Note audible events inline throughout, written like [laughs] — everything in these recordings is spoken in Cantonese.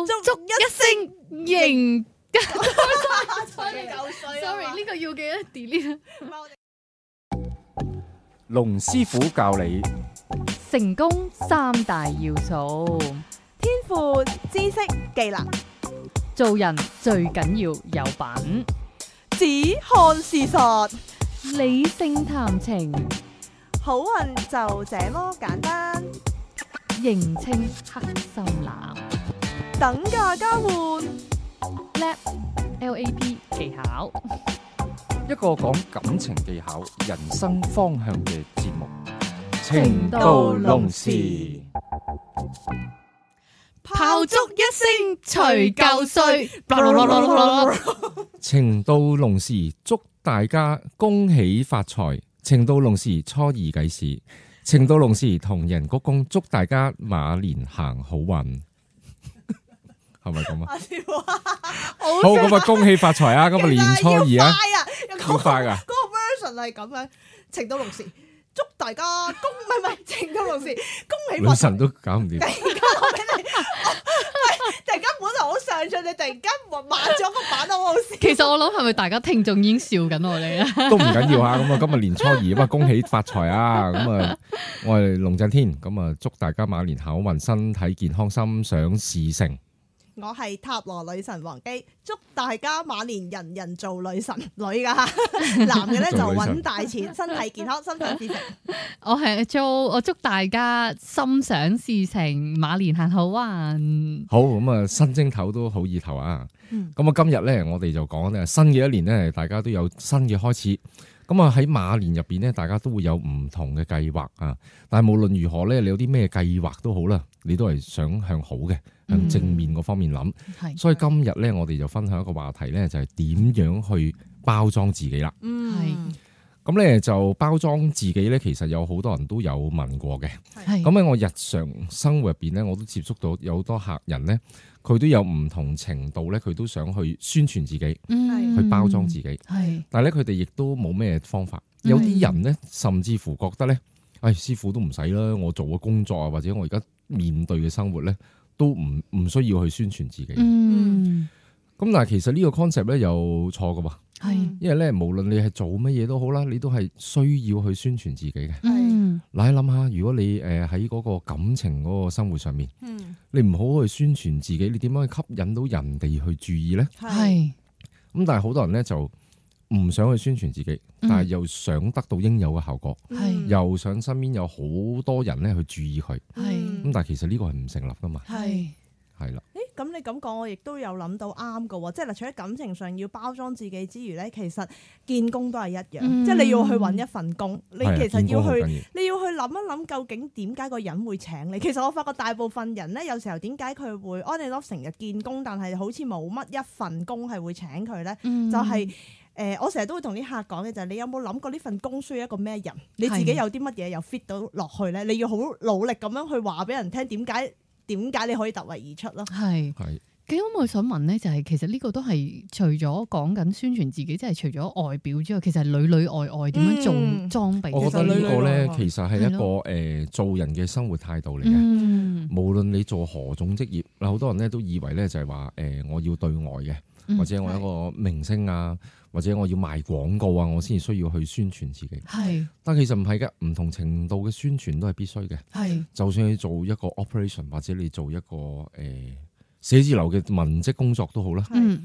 捉一聲，型 sorry 呢個要記得 delete？我哋龍師傅教你成功三大要素：天賦、知識、技能。做人最緊要有品，只看事實，理性談情，好運就這麼簡單。認清黑心男。等價交換，叻 L A P 技巧，一個講感情技巧、人生方向嘅節目。情到龍匙，炮竹一聲除舊歲。情到龍匙，祝大家恭喜發財。情到龍匙，初二計時。情 [noise] 到龍匙，同人鞠躬，祝大家馬年行好運。係咪咁啊？好咁啊！恭喜發財啊！今日年初二啊，好快啊！嗰個 version 係咁樣，情到龍匙，祝大家恭，唔係唔係情到龍匙，恭喜發財。女神都搞唔掂。突然間我哋，喂，大家本來好上進，你突然間馬咗個版好唔好先？其實我諗係咪大家聽眾已經笑緊我哋咧？都唔緊要啊！咁啊，今日年初二咁啊，恭喜發財啊！咁啊，我係龍震天，咁啊，祝大家馬年好運，身體健康，心想事成。我係塔羅女神黃姬，祝大家馬年人人做女神女噶男嘅咧就揾大錢，身體健康，心想事成。 [laughs] 我係 Jo，我祝大家心想事成，馬年行好運。好，咁啊，新正頭都好意頭啊！咁啊、嗯，今日咧，我哋就講咧，新嘅一年咧，大家都有新嘅開始。咁啊，喺馬年入邊咧，大家都會有唔同嘅計劃啊。但係無論如何咧，你有啲咩計劃都好啦，你都係想向好嘅。向正面嗰方面諗，係、嗯、所以今日咧，是我哋就分享一個話題咧，就係、是、點樣去包裝自己啦。嗯，係咁咧，就包裝自己咧。其實有好多人都有問過嘅，咁喺是我日常生活入邊咧，我都接觸到有好多客人咧，佢都有唔同程度咧，佢都想去宣傳自己，嗯、去包裝自己，係、嗯、但係咧，佢哋亦都冇咩方法。有啲人咧，甚至乎覺得咧，誒、哎，師傅都唔使啦，我做嘅工作啊，或者我而家面對嘅生活咧。都唔唔需要去宣傳自己。嗯，咁但係其實呢個 concept 咧又錯噶嘛？係的，因為咧無論你係做乜嘢都好啦，你都係需要去宣傳自己嘅。係的，嗱，你諗下，如果你誒喺嗰個感情嗰個生活上面，嗯、你唔好去宣傳自己，你點樣去吸引到人哋去注意咧？係的，咁但係好多人咧就。唔想去宣傳自己，但係又想得到應有嘅效果，嗯、又想身邊有好多人咧去注意佢。咁、嗯、但係其實呢個係唔成立㗎嘛。係、嗯，係啦了。咁、欸、你咁講，我亦都有諗到啱嘅喎。即係除咗感情上要包裝自己之餘呢，其實見工都係一樣。嗯、即係你要去揾一份工，嗯、你其實要去，要你要去諗一諗究竟點解個人會請你。其實我發覺大部分人呢，有時候點解佢會 on and off 成日見工，但係好似冇乜一份工係會請佢呢，嗯、就係、是。誒，我成日都會同啲客講嘅就係，你有冇諗過呢份工需要一個咩人？你自己有啲乜嘢又 fit 到落去咧？你要好努力咁樣去話俾人聽，點解點解你可以突圍而出咯？係係，幾好，我想問咧，就係其實呢個都係除咗講緊宣傳自己，即係除咗外表之外，其實係裏裏外外點樣做裝備？我覺得呢個咧，其實係一個誒做人嘅生活態度嚟嘅。無論你做何種職業，嗱，好多人咧都以為咧就係話誒，我要對外嘅，或者我一個明星啊。或者我要賣廣告啊，我先需要去宣傳自己。係的，但其實唔係噶，唔同程度嘅宣傳都係必須嘅。係的，就算你做一個 operation，或者你做一個誒呃、寫字樓嘅文職工作都好啦。嗯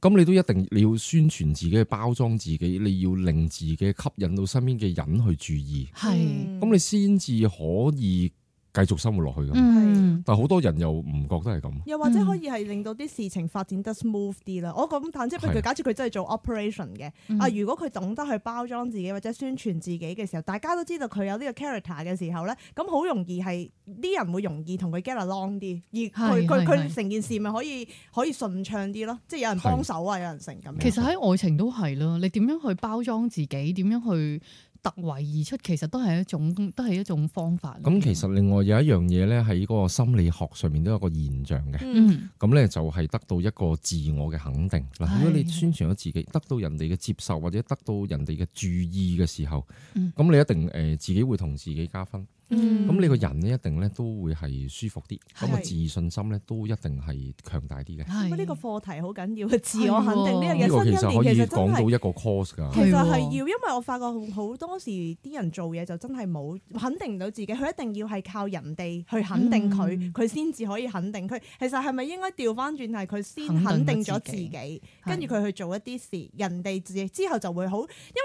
的，咁你都一定你要宣傳自己，包裝自己，你要令自己吸引到身邊嘅人去注意。係的，咁你先至可以，繼續生活落去咁，嗯、但係好多人又唔覺得係咁。又或者可以係令到啲事情發展得 smooth 啲啦。嗯、我咁但即係譬如，假設佢真係做 operation 嘅，啊，嗯、如果佢懂得去包裝自己或者宣傳自己嘅時候，大家都知道佢有呢個 character 嘅時候咧，咁好容易係啲人會容易同佢 get along 啲，而佢佢佢成件事咪可以可以順暢啲咯，即係的有人幫手啊，的有人成咁。其實喺愛情都係咯，你點樣去包裝自己，點樣去突圍而出，其實都係一種，都係一種方法。咁其實另外有一樣嘢咧，喺嗰個心理學上面都有個現象嘅。咁咧、嗯、就係得到一個自我嘅肯定。嗯、如果你宣傳咗自己，得到人哋嘅接受或者得到人哋嘅注意嘅時候，咁、嗯、你一定誒自己會同自己加分。嗯，咁你個人咧一定咧都會係舒服啲，咁啊是自信心咧都一定係強大啲嘅。係，呢個課題好緊要，自我肯定呢個對、哦、人生其，其實可以講到一個 course 㗎。其實係要，因為我發覺好多時啲人做嘢就真係冇肯定唔到自己，佢一定要係靠人哋去肯定佢，佢先至可以肯定佢。其實係咪應該調翻轉係佢先肯定咗自己，自己跟住佢去做一啲事，人哋之後就會好，因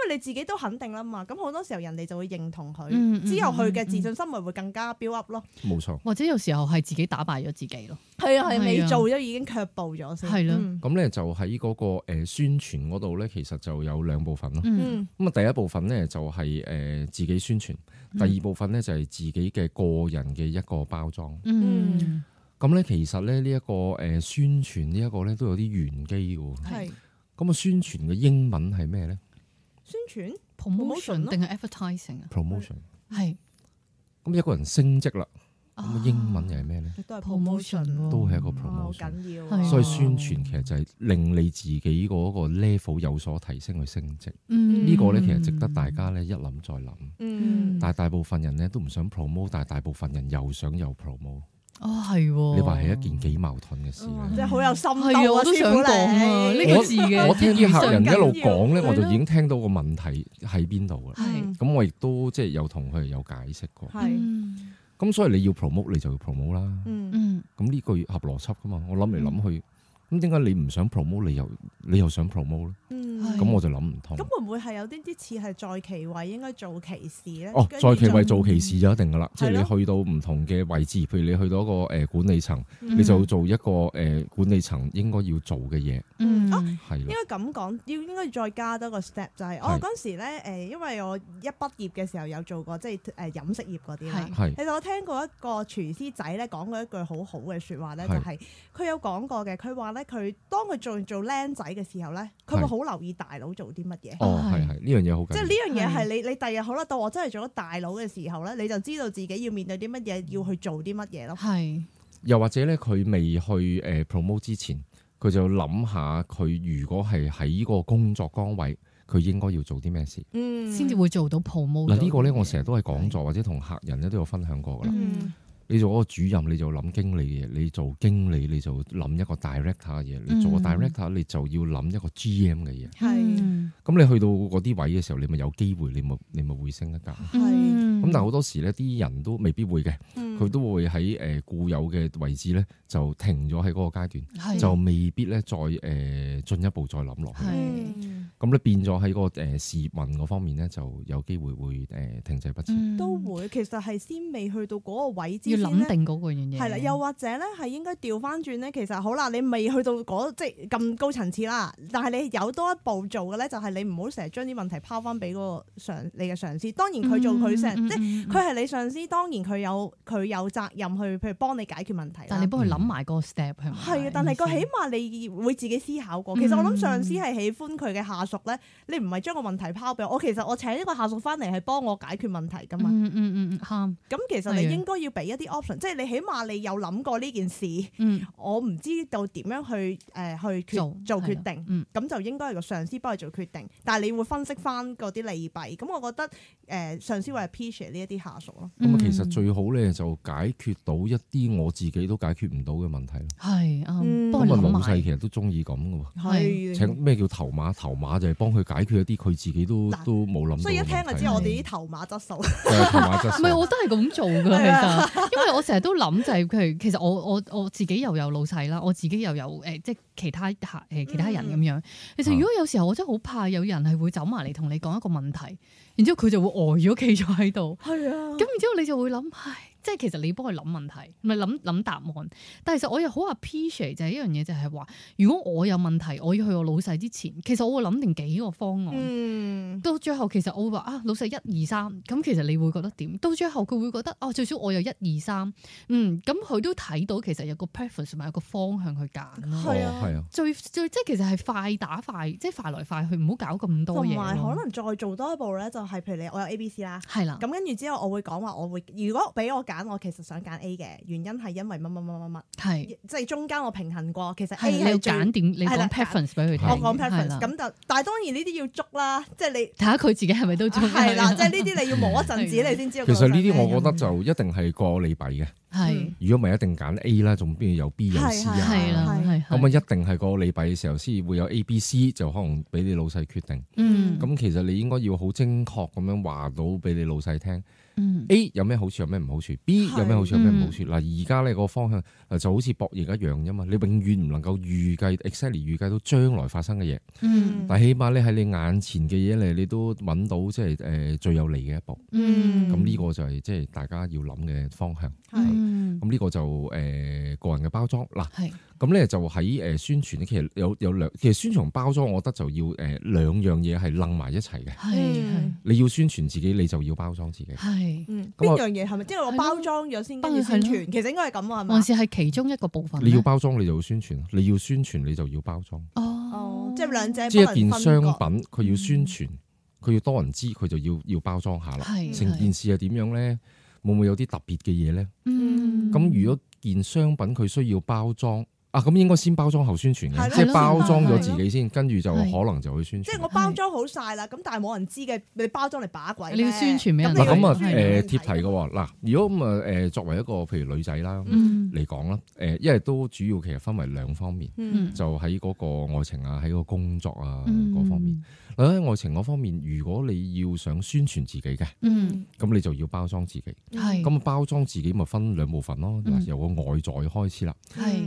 為你自己都肯定啦嘛。咁好多時候人哋就會認同佢，嗯嗯之後佢嘅自信。心態會更加 build up 咯，冇錯，或者有時候係自己打敗咗自己咯，係啊係，你做咗已經卻步咗先，係咯。咁咧就喺嗰個宣傳嗰度咧，其實就有兩部分咯。咁啊，第一部分咧就係誒自己宣傳，第二部分咧就係自己嘅個人嘅一個包裝。嗯，咁咧其實咧呢一個誒宣傳呢一個咧都有啲玄機㗎喎。係，咁啊宣傳嘅英文係咩咧？宣傳 promotion 定係 advertising 啊？promotion 係。咁一個人升職啦，英文又係咩呢？都係 promotion，都係一個 promotion，好、嗯哦、緊要。所以宣傳其實就係令你自己嗰個 level 有所提升去升職。呢、嗯、個呢，其實值得大家呢一諗再諗。嗯、但係大部分人呢都唔想 promote，但係大部分人又想又 promote。哦，係、哦，你話係一件幾矛盾嘅事咧，嗯、即係好有心去、嗯、啊！我都想講呢件事嘅，我我聽啲客人一路講咧，我就已經聽到個問題喺邊度啦。係了，咁我亦都即係有同佢哋有解釋過。係的，咁所以你要 promote，你就要 promote 啦。嗯嗯的，咁呢個要合邏輯噶嘛？我諗嚟諗去，咁點解你唔想 promote，你又你又,你又想 promote 咧？咁我就諗唔通，咁會唔會係有啲啲似係在其位應該做其事咧？哦，在其位做其事就一定噶啦，即係你去到唔同嘅位置，譬如你去到一個誒管理層，你就做一個誒管理層應該要做嘅嘢。嗯，哦，係應該咁講，要應該再加多個 step，就係我嗰時咧誒，因為我一畢業嘅時候有做過即係誒飲食業嗰啲。其實我聽過一個廚師仔咧講過一句好好嘅説話咧，就係佢有講過嘅，佢話咧佢當佢做做僆仔嘅時候咧，佢會好留意。大佬做啲乜嘢？哦，係係的，呢樣嘢好緊要。即係呢樣嘢係你你第日好啦，到我真係做咗大佬嘅時候咧，你就知道自己要面對啲乜嘢，要去做啲乜嘢咯。係的。又或者咧，佢未去誒 promote 之前，佢就諗下佢如果係喺呢個工作崗位，佢應該要做啲咩事，嗯，先至會做到 promote。嗱呢個咧，我成日都係講座的或者同客人咧都有分享過㗎啦。嗯你做嗰個主任你就諗經理嘅，你做經理你就諗一個 director 嘅嘢，嗯，你做個 director 你就要諗一個 GM 嘅嘢。係是，咁你去到嗰啲位嘅時候，你咪有機會，你咪你咪會升得㗎。係是，咁、嗯、但係好多時咧，啲人都未必會嘅。佢都會喺誒固有嘅位置咧，就停咗喺嗰個階段，是的 就未必咧再誒、呃、進一步再諗落去。咁你是的 變咗喺個誒事業嗰方面咧，就有機會會誒停滯不前。嗯、都會其實係先未去到嗰個位置，要諗定嗰個嘢。係啦，又或者咧係應該調翻轉咧。其實好啦，你未去到嗰、那個、即係咁高層次啦，但係你有多一步做嘅咧，就係、是、你唔好成日將啲問題拋翻俾嗰個上你嘅上司。當然佢做佢成，嗯、即佢係你上司，當然佢有佢。有責任去，譬如幫你解決問題。但係你幫佢諗埋個 step 係嘛？係啊，但係佢起碼你會自己思考過。其實我諗上司係喜歡佢嘅下屬咧，你唔係將個問題拋俾我。其實我請呢個下屬翻嚟係幫我解決問題㗎嘛。嗯嗯嗯，咁其實你應該要俾一啲 option，即係你起碼你有諗過呢件事。我唔知道點樣去誒去做決定，做。咁就應該係個上司幫佢做決定。但係你會分析翻嗰啲利弊。咁我覺得誒，上司會 appreciate 呢一啲下屬咯。咁其實最好咧就～解決到一啲我自己都解決唔到嘅問題咯，係啊，幫人諗，老細其實都中意咁嘅喎。係的請咩叫頭馬？頭馬就係幫佢解決一啲佢自己都、呃、都冇諗到嘅問題。所以一聽就知我哋啲頭馬質素。唔係的， [laughs] 我都係咁做嘅，係啊 [laughs] 的。因為我成日都諗就係、是、佢，其實我我我自己又有老細啦，我自己又有誒、呃，即係其他下誒其他人咁樣。嗯、其實如果有時候我真係好怕有人係會走埋嚟同你講一個問題，然之後佢就會呆咗企咗喺度。係啊的。咁然之後你就會諗，即係其實你幫佢諗問題，咪係諗答案。但係其實我又好 appreciate、er、就係一樣嘢，就係、是、話如果我有問題，我要去我老細之前，其實我會諗定幾個方案。嗯、到最後其實我會話啊，老細一二三，咁其實你會覺得點？到最後佢會覺得哦、啊，最少我有一二三。咁佢都睇到其實有個 preference 同埋，有個方向去揀咯。係啊，係啊。最即係其實係快打快，即、就、係、是、快來快去，唔好搞咁多嘢。同埋可能再做多一步咧，就係譬如你我有 A BC，的、B 的、C 啦。係啦。咁跟住之後，我會講話，我會如果俾我我其實想揀 A 嘅，原因係因為乜乜乜乜乜，係即係中間我平衡過，其實 A 係要揀點，你講 preference 俾佢聽，我講 preference，咁但係當然呢啲要捉啦，即係你睇下佢自己係咪都捉，係啦，即係呢啲你要磨一陣子你先知道。其實呢啲我覺得就一定係個利弊嘅，係如果唔係一定揀 A 啦，仲邊有 B 啊？係咁啊，一定係個利弊嘅時候先會有 A、B、C，就可能俾你老細決定。咁其實你應該要好精確咁樣話到俾你老細聽。A 有咩好處，有咩唔好處？B 有咩好處，有咩唔好處？嗱，而家呢個方向就好似博弈一樣啫嘛，你永遠唔能夠預計，exactly 預計到將來發生嘅嘢。嗯。但起碼你喺你眼前嘅嘢嚟，你都揾到即係誒最有利嘅一步。嗯。咁呢個就係即係大家要諗嘅方向。係。嗯。咁呢個就誒個人嘅包裝。嗱。咁咧就喺誒宣傳咧，其實有有兩其實宣傳包裝，我覺得就要誒兩樣嘢係冧埋一齊嘅。係你要宣傳自己，你就要包裝自己。係，嗯，邊樣嘢係咪即係我包裝咗先跟住宣傳？其實應該係咁喎，係咪？還是係其中一個部分？你要包裝，你就要宣傳；你要宣傳，你就要包裝。哦即係兩者。即係一件商品，佢要宣傳，佢要多人知，佢就要要包裝下咯。成件事係點樣咧？會唔會有啲特別嘅嘢咧？嗯。咁如果件商品佢需要包裝。啊，咁應該先包裝後宣傳嘅，的即係包裝咗自己先，跟住的就可能就會宣傳。即係我包裝好晒啦，咁的但係冇人知嘅，你包裝嚟把鬼。你要宣傳俾人。咁啊誒、呃、貼題嘅喎，嗱、嗯，如果咁啊誒，作為一個譬如女仔啦嚟講啦，誒、嗯，因為都主要其實分為兩方面，嗯、就喺嗰個愛情啊，喺個工作啊嗰、嗯、方面。喺愛情嗰方面，如果你要想宣傳自己嘅，咁你就要包裝自己。咁包裝自己咪分兩部分咯。嗱，由個外在開始啦。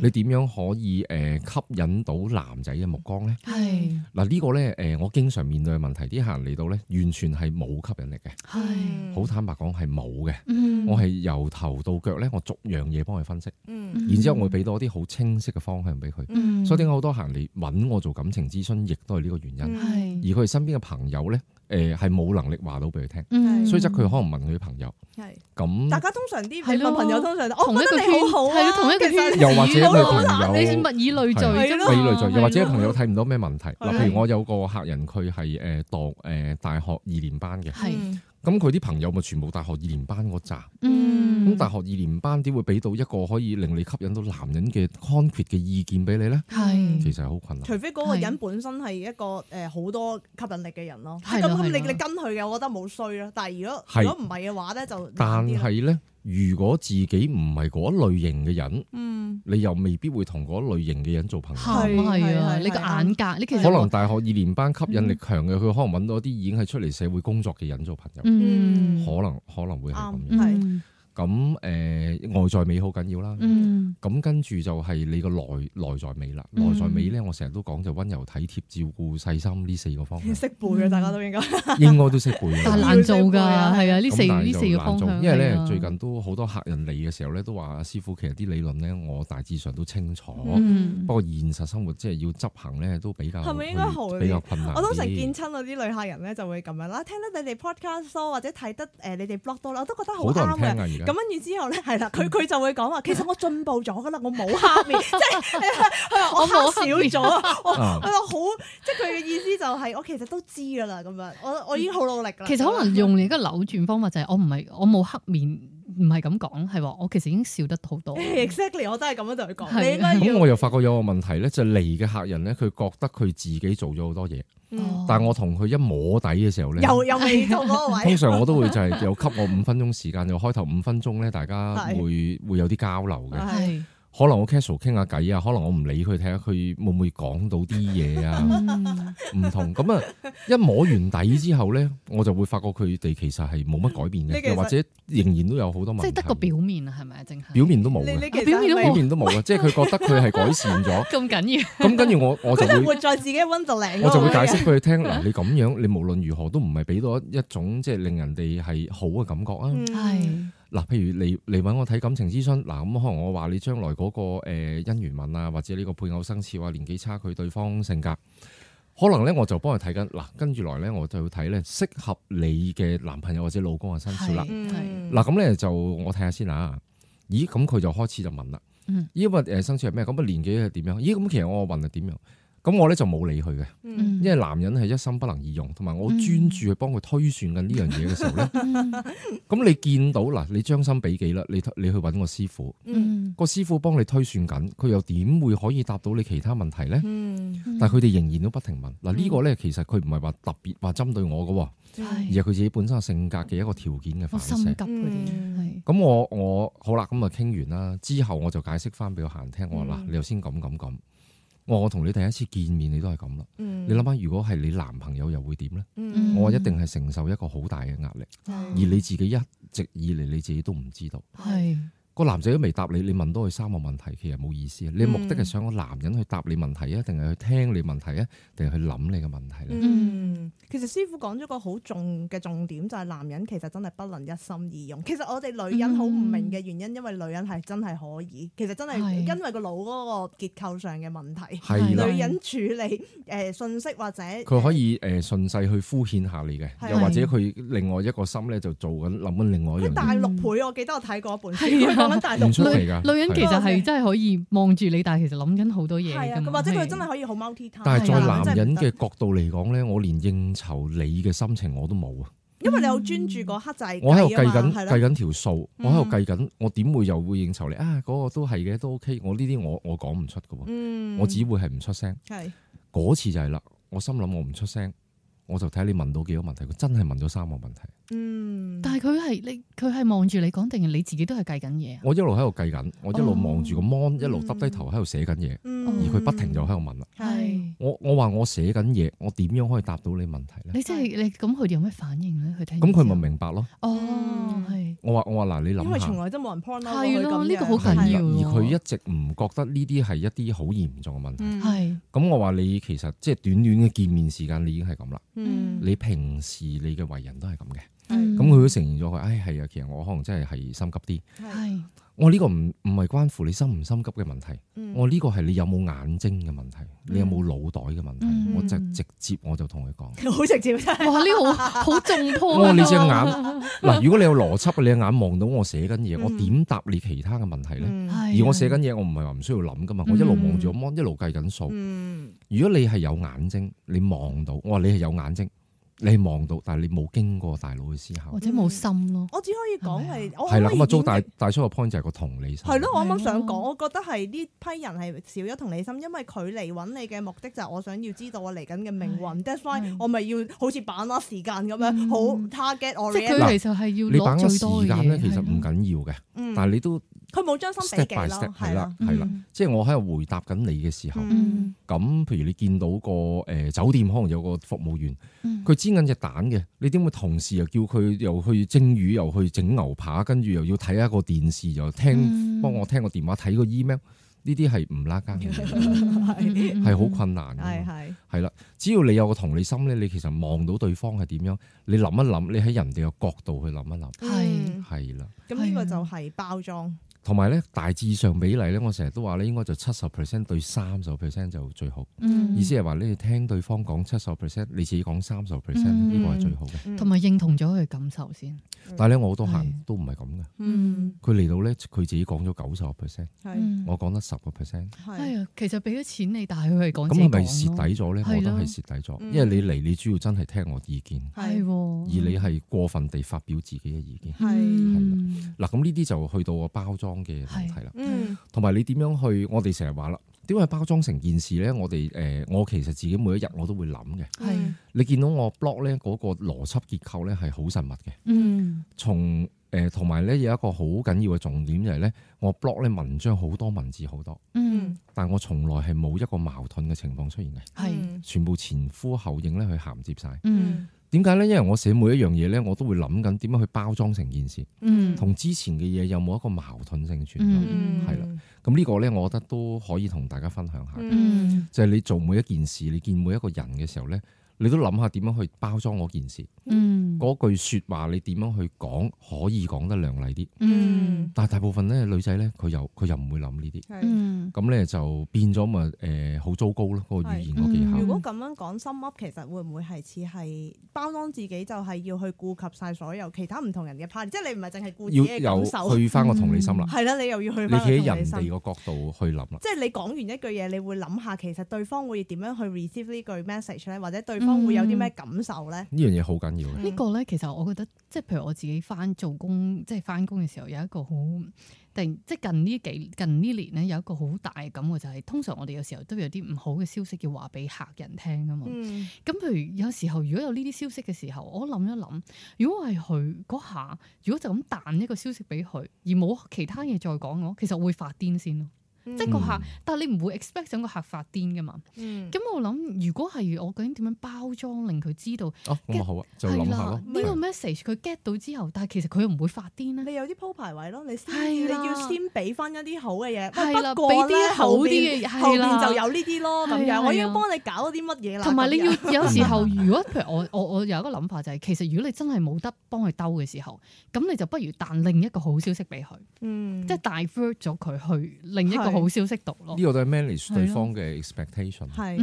你點樣可以誒吸引到男仔嘅目光咧？嗱，呢個咧誒，我經常面對嘅問題，啲客人嚟到咧，完全係冇吸引力嘅。好坦白講係冇嘅。我係由頭到腳咧，我逐樣嘢幫佢分析。然之後我俾多啲好清晰嘅方向俾佢。所以點解好多客人嚟揾我做感情諮詢，亦都係呢個原因。而佢身邊嘅朋友咧，誒係冇能力話到俾佢聽，所以則佢可能問佢朋友，咁大家通常啲問朋友通常，同一個圈子，係同一個圈子又或者係朋友，你物以類聚，物以類聚，又或者朋友睇唔到咩問題。嗱，譬如我有個客人，佢係誒讀誒大學二年班嘅。咁佢啲朋友咪全部大學二年班嗰扎，咁、嗯、大學二年班點會俾到一個可以令你吸引到男人嘅 concrete 嘅意見俾你咧？係是，其實好困難。除非嗰個人本身係一個誒好多吸引力嘅人咯，咁咁你你跟佢嘅，我覺得冇衰咯。的但係如果如果唔係嘅話咧，的就呢難啲啦。如果自己唔係嗰類型嘅人，嗯、你又未必會同嗰類型嘅人做朋友。係啊，你個眼界，的你其實有冇可能大學二年班吸引力強嘅，佢可能揾到啲已經係出嚟社會工作嘅人做朋友。嗯可，可能可能會係咁樣。嗯咁誒外在美好緊要啦，咁跟住就係你個內內在美啦。內在美咧，我成日都講就溫柔、體貼、照顧、細心呢四個方向。識背嘅大家都應該。應該都識背，但係難做㗎，係啊，呢四呢四個。因為咧，最近都好多客人嚟嘅時候咧都話：師傅其實啲理論咧我大致上都清楚，不過現實生活即係要執行咧都比較係咪應該好啲？比較困難啲。我都成日見親嗰啲女客人咧就會咁樣啦，聽得你哋 podcast 或者睇得誒你哋 blog 多啦，我都覺得好多人好聽啊而家。咁跟住之後咧，係啦，佢佢就會講話，其實我進步咗噶啦，我冇黑面，即係係話我黑少咗，我係我好我， [laughs] 即係佢嘅意思就係、係、我其實都知噶啦，咁樣，我我已經好努力噶啦、嗯。其實可能用另一個扭轉方法就係我唔係我冇黑面。唔係咁講，係話我其實已經笑得好多。Exactly，我真係咁樣對佢講。咁我又發覺有個問題咧，就嚟、係、嘅客人咧，佢覺得佢自己做咗好多嘢，哦、但係我同佢一摸底嘅時候咧，又又未到嗰個位。 [laughs] 通常我都會就係有給我五分鐘時間，就 [laughs] 開頭五分鐘咧，大家會的會有啲交流嘅。的可能我 casual 傾下偈啊，可能我唔理佢睇下佢會唔會講到啲嘢啊，唔同咁啊，一摸完底之後咧，我就會發覺佢哋其實係冇乜改變嘅，又或者仍然都有好多問題，即係得個表面啊，係咪啊？淨係表面都冇嘅，表面表面都冇啊。即係佢覺得佢係改善咗，咁緊要，咁跟住我我就會活在自己 wonderland，我就會解釋佢聽嗱，你咁樣你無論如何都唔係俾到一種即係令人哋係好嘅感覺啊，係。嗱，譬如你嚟搵我睇感情諮詢，嗱，咁可能我話你將來嗰、嗰個、呃、姻緣問啊，或者呢個配偶生肖啊，年紀差距對方性格，可能咧我就幫你睇緊。嗱，跟住來咧，我就要睇咧適合你嘅男朋友或者老公嘅生肖啦。嗱，咁咧、嗯啊嗯、就我睇下先啊。咦，咁佢就開始就問啦。咦，個誒生肖係咩？咁啊年紀係點樣？咦，咁其實我運係點樣？咁我咧就冇理佢嘅，嗯、因為男人係一心不能二用，同埋我專注去幫佢推算緊呢樣嘢嘅時候咧，咁、嗯、你見到嗱，你將心比己啦，你你去揾個師傅，個師傅幫、嗯、你推算緊，佢又點會可以答到你其他問題咧？嗯嗯、但係佢哋仍然都不停問嗱，呢、這個咧其實佢唔係話特別話針對我噶，嗯、而係佢自己本身性格嘅一個條件嘅反射。咁我、嗯、我，我好啦，咁啊傾完啦之後，我就解釋翻俾個客人聽，嗯、我話嗱，你頭先咁咁咁。我同你第一次見面，你都係咁啦。嗯、你諗下，如果係你男朋友，又會點呢？嗯、我一定係承受一個好大嘅壓力，嗯、而你自己一直以嚟你自己都唔知道。個男仔都未答你，你問多佢三個問題，其實冇意思嘅。你目的係想個男人去答你問題啊，定係去聽你問題啊，定係去諗你嘅問題咧？嗯，其實師傅講咗個好重嘅重點，就係、是、男人其實真係不能一心二用。其實我哋女人好唔明嘅原因，嗯、因為女人係真係可以，其實真係因為個腦嗰個結構上嘅問題，的女人處理誒信息或者佢的可以誒順勢去敷衍下你嘅，的又或者佢另外一個心咧就做緊諗緊另外一樣。大六倍，我記得我睇過一本書。講緊大度，女女人其實係真係可以望住你，但係其實諗緊好多嘢。或者佢真係可以好 multi-task。但係在男人嘅角度嚟講咧，我連應酬你嘅心情我都冇啊。因為你有專注嗰黑仔我。我喺度計緊計緊條數，我喺度計緊我點會又會應酬你啊？嗰個都係嘅，都 OK 我我。我呢啲我我講唔出嘅，我只會係唔出聲。嗰次就係啦，我心諗我唔出聲，我就睇你問到幾多個問題。佢真係問咗三個問題。嗯，但係佢係你，佢係望住你講定，你自己都係計緊嘢。我一路喺度計緊，我一路望住個 mon，一路耷低頭喺度寫緊嘢，而佢不停就喺度問啦。係，我我話我寫緊嘢，我點樣可以答到你問題咧？你即係你咁，佢哋有咩反應咧？佢聽咁佢咪明白咯？哦，我話我話嗱，你諗下，因為從來都冇人 point 咯，係咯，呢個好緊要。而佢一直唔覺得呢啲係一啲好嚴重嘅問題。係。咁我話你其實即係短短嘅見面時間，你已經係咁啦。你平時你嘅為人都係咁嘅。咁佢都承認咗佢，哎係啊，其實我可能真係係心急啲。我呢個唔唔係關乎你心唔心急嘅問題，我呢個係你有冇眼睛嘅問題，你有冇腦袋嘅問題。我就直接我就同佢講，好直接哇！呢個好重托。我話你隻眼嗱，如果你有邏輯，你隻眼望到我寫緊嘢，我點答你其他嘅問題咧？而我寫緊嘢，我唔係話唔需要諗噶嘛，我一路望住，我一路計緊數。如果你係有眼睛，你望到，我話你係有眼睛。你望到，但係你冇經過大腦嘅思考，或者冇心咯。我只可以講係，我係啦。咁做大帶出個 point 就係個同理心。係咯，我啱啱想講，我覺得係呢批人係少咗同理心，因為佢嚟揾你嘅目的就係我想要知道我嚟緊嘅命運。That's why 我咪要好似把握時間咁樣，好 target 我 ready 即係佢其實係要攞最多嘅。你把握時間咧，其實唔緊要嘅。但係你都。佢冇將心比己係啦，係啦，即係我喺度回答緊你嘅時候，咁譬如你見到個誒酒店可能有個服務員，佢煎緊隻蛋嘅，你點會同時又叫佢又去蒸魚又去整牛扒，跟住又要睇一個電視又聽，幫我聽個電話睇個 email，呢啲係唔拉更嘅，係好困難嘅，係係係啦，只要你有個同理心咧，你其實望到對方係點樣，你諗一諗，你喺人哋嘅角度去諗一諗，係係啦，咁呢個就係包裝。同埋咧，大致上，比例咧，我成日都話咧，應該就七十 percent 對三十 percent 就最好。意思係話，你哋聽對方講七十 percent，你自己講三十 percent，呢個係最好嘅。同埋認同咗佢嘅感受先。但係咧，我好多行都唔係咁嘅。佢嚟到咧，佢自己講咗九十個 percent，我講得十個 percent。係啊，其實俾咗錢你，但係佢係講講，咁係咪蝕底咗咧？我都係蝕底咗，因為你嚟，你主要真係聽我意見，係，而你係過分地發表自己嘅意見，係。嗱，咁呢啲就去到個包裝嘅問題啦，嗯，同埋你點樣去？我哋成日話啦，點解包裝成件事咧？我哋誒、呃，我其實自己每一日我都會諗嘅。係是你見到我 blog 咧嗰個邏輯結構咧係好縝密嘅。嗯，從誒同埋咧有一個好緊要嘅重點就係咧，我 blog 咧文章好多，文字好多。嗯，但我從來係冇一個矛盾嘅情況出現嘅。係、嗯、全部前呼後應咧去銜接晒。嗯。嗯點解咧？因為我寫每一樣嘢咧，我都會諗緊點樣去包裝成件事，同、嗯、之前嘅嘢有冇一個矛盾性存在，係啦、嗯。咁呢個咧，我覺得都可以同大家分享下㗎，嗯、就係你做每一件事，你見每一個人嘅時候咧。你都諗下點樣去包裝嗰件事，嗰、嗯、句説話你點樣去講可以講得良麗啲？嗯、但係大部分咧，女仔咧，佢又佢又唔會諗呢啲，咁咧是、嗯、就變咗咪誒好糟糕咯。個語言個技巧，嗯、如果咁樣講心 up，其實會唔會係似係包裝自己？就係要去顧及晒所有其他唔同人嘅 part，即係你唔係淨係顧自己感受去翻個同理心啦，係啦、嗯，你又要去翻個同理心啦，你企喺人哋個角度去諗，即係你講完一句嘢，你會諗下其實對方會點樣去 receive 呢句 message 咧，或者對？嗯、會有啲咩感受咧？呢樣嘢好緊要嘅、嗯。呢個咧，其實我覺得，即係譬如我自己返做工，即係返工嘅時候，有一個好突即係近呢幾年近呢年咧，有一個好大嘅感覺就係、是，通常我哋有時候都有啲唔好嘅消息要話俾客人聽㗎嘛。咁、嗯、譬如有時候如果有呢啲消息嘅時候，我諗一諗，如果係佢嗰下，如果就咁彈一個消息俾佢，而冇其他嘢再講嘅，其實我會發癲先咯。即個客，但係你唔會 expect 整個客發癲嘅嘛。咁我諗，如果係我究竟點樣包裝令佢知道？哦好啊，就諗下咯。呢個 message 佢 get 到之後，但係其實佢又唔會發癲咧。你有啲鋪排位咯，你先你要先俾翻一啲好嘅嘢。係啦，俾啲好啲嘅嘢，後面就有呢啲咯。咁樣，我要幫你搞啲乜嘢啦？同埋你要有時候，如果譬如我我我有一個諗法就係，其實如果你真係冇得幫佢兜嘅時候，咁你就不如彈另一個好消息俾佢。嗯，即係 divert 咗佢去另一個好。好少識讀咯，呢個都係 manage 對方嘅 expectation。係，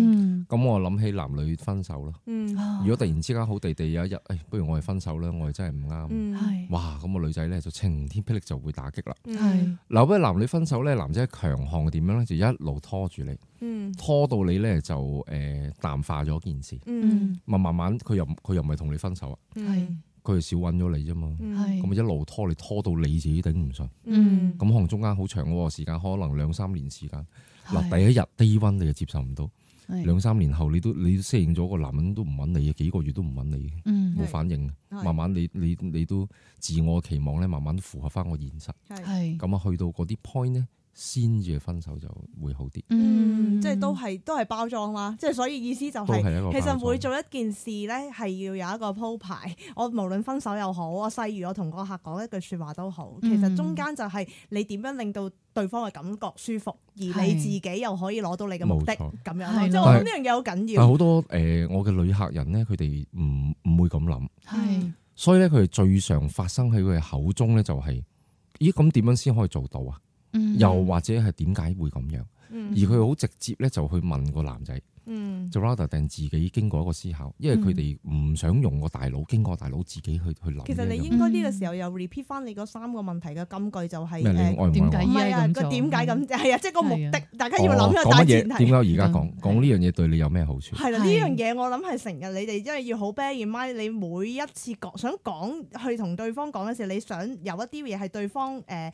咁我諗起男女分手咯。嗯，如果突然之間好地地有一日，誒，不如我哋分手啦，我哋真係唔啱。嗯，係。哇，咁個女仔咧就晴天霹靂，就會打擊啦。係嗱，不過男女分手咧，男仔強項點樣咧，就一路拖住你，拖到你咧就誒淡化咗件事。嗯，咪慢慢佢又佢又唔係同你分手啊。係。佢係少揾咗你啫嘛，咁咪是一路拖你拖到你自己頂唔順，咁、嗯、可能中間好長嘅時間，可能兩三年時間。嗱是，第一日 Day One 你就接受唔到，兩是三年後你都你都適應咗個男人都唔揾你，幾個月都唔揾你，冇是反應。是慢慢你你你都自我期望咧，慢慢符合翻個現實。係咁啊，是去到嗰啲 point 咧。先至分手就會好啲，嗯，即係都係都係包裝啦。即係所以意思就係、是，其實每做一件事咧，係要有一個鋪排。我無論分手又好，我例如我同個客講一句説話都好，其實中間就係你點樣令到對方嘅感覺舒服，而你自己又可以攞到你嘅目的咁錯樣。的即係我諗呢樣嘢好緊要。但係好多誒、呃，我嘅女客人咧，佢哋唔唔會咁諗，係唉所以咧，佢哋最常發生喺佢口中咧就係、是、咦，咁點樣先可以做到啊？又或者係點解會咁樣？嗯、而佢好直接咧，就去問個男仔，做、嗯、就 rather than 定自己經過一個思考，嗯、因為佢哋唔想用個大腦經過大腦自己去去諗。其實你應該呢個時候又 repeat 翻你嗰三個問題嘅金句、就是，就係誒點解？唔係個點解咁就係啊，即係個目的。大家要諗一個大前提。點解而家講講呢樣嘢對你有咩好處？係啦、嗯，呢樣嘢我諗係成日你哋，因為要好 bear in mind，你每一次講想講去同對方講嘅時，你想有一啲嘢係對方誒。呃呃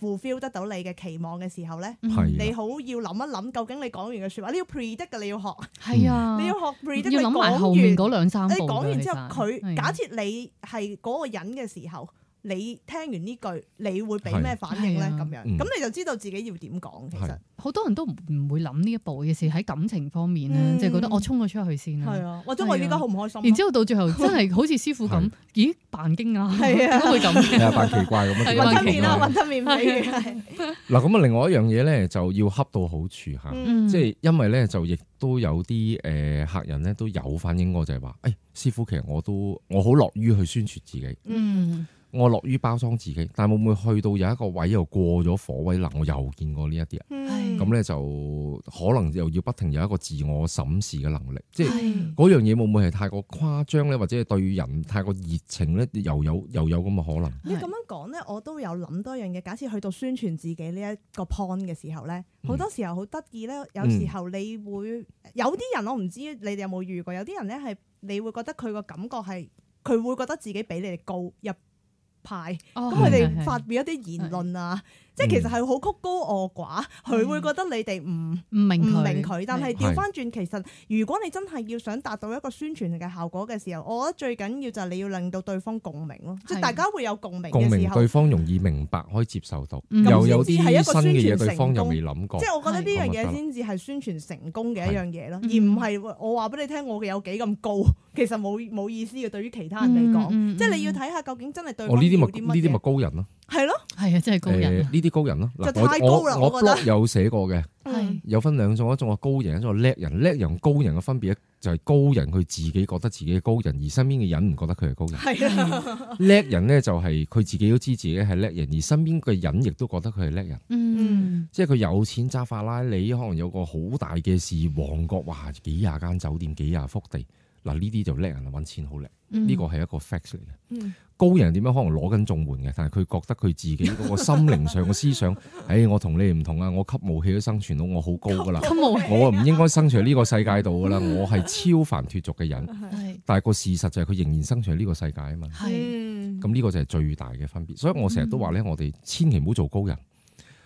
Fulfill 得到你嘅期望嘅時候咧，是的 你好要諗一諗究竟你講完嘅説話，你要 predict 嘅，你要學，係啊的， [laughs] 你要學 predict 你講完嗰兩三步，你講完之後佢的假設你係嗰個人嘅時候。你聽完呢句，你會俾咩反應咧？咁樣咁你就知道自己要點講。其實好多人都唔會諗呢一步嘅事喺感情方面咧，即係覺得我衝咗出去先啦，係啊，或者我而家好唔開心。然之後到最後真係好似師傅咁，咦？扮驚啊，點會咁？扮奇怪咁啊，搵得面啦，搵得面不嗱。咁啊，另外一樣嘢咧，就要恰到好處吓，即係因為咧就亦都有啲誒客人咧都有反映過，就係話誒師傅，其實我都我好樂於去宣傳自己，嗯。我樂於包裝自己，但係會唔會去到有一個位又過咗火威能？我又見過呢一啲啊，咁咧、嗯、就可能又要不停有一個自我審視嘅能力，即係嗰樣嘢會唔會係太過誇張咧，或者係對人太過熱情咧，又有又有咁嘅可能？你咁、嗯、樣講咧，我都有諗多樣嘢。假設去到宣傳自己呢一個 point 嘅時候咧，好多時候好得意咧，有時候你會、嗯、有啲人，我唔知你哋有冇遇過，有啲人咧係你會覺得佢個感覺係佢會覺得自己比你哋高入。派咁佢哋發表一啲言論啊。即係其實係好曲高和寡，佢會覺得你哋唔唔明佢。但係調翻轉，其實如果你真係要想達到一個宣傳嘅效果嘅時候，我覺得最緊要就係你要令到對方共鳴咯，即係大家會有共鳴嘅時候，對方容易明白可以接受到。有先至係一個宣傳成功，對方又未諗過。即係我覺得呢樣嘢先至係宣傳成功嘅一樣嘢咯，而唔係我話俾你聽，我嘅有幾咁高，其實冇冇意思嘅。對於其他人嚟講，即係你要睇下究竟真係對方會呢啲咪呢啲咪高人咯。係咯，係啊，真係高人。呢啲、呃、高人咯，嗱，我我我 blog 有寫過嘅，的有分兩種，一種話高人，一種話叻人。叻人高人嘅分別咧，就係高人佢自己覺得自己高人，而身邊嘅人唔覺得佢係高人。係叻的人咧就係佢自己都知自己係叻人，而身邊嘅人亦都覺得佢係叻人。嗯、即係佢有錢揸法拉利，可能有個好大嘅事，王國哇，幾廿間酒店，幾廿幅地。嗱呢啲就叻人啦，揾錢好叻，呢個係一個 fact 嚟嘅。嗯、高人點樣可能攞緊綜援嘅，但係佢覺得佢自己嗰個心靈上嘅思想，誒、 [laughs] 哎、我你同你唔同啊！我吸霧氣都生存到，我好高噶啦，吸啊、我唔應該生存喺呢個世界度噶啦，嗯、我係超凡脫俗嘅人。是但係個事實就係佢仍然生存喺呢個世界啊嘛。咁呢是、嗯、個就係最大嘅分別。所以我成日都話咧，我哋千祈唔好做高人。嗯。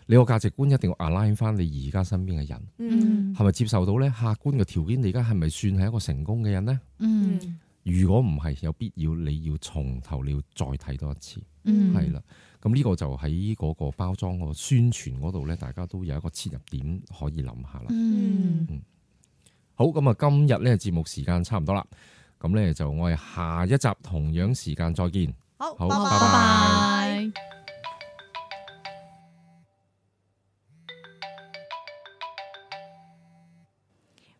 你個價值觀一定要 align 翻你而家身邊嘅人，係咪、嗯、接受到咧？客觀嘅條件，你而家係咪算係一個成功嘅人咧？嗯、如果唔係，有必要你要從頭了，再睇多一次，係啦、嗯。咁呢個就喺嗰個包裝個宣傳嗰度咧，大家都有一個切入點可以諗下啦。嗯、嗯，好。咁啊，今日咧節目時間差唔多啦。咁咧就我哋下一集同樣時間再見。好，好拜拜。